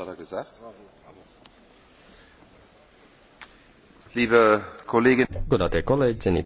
hat er gesagt? Liebe Kolleginnen. Godātie kolēģi, cienīt.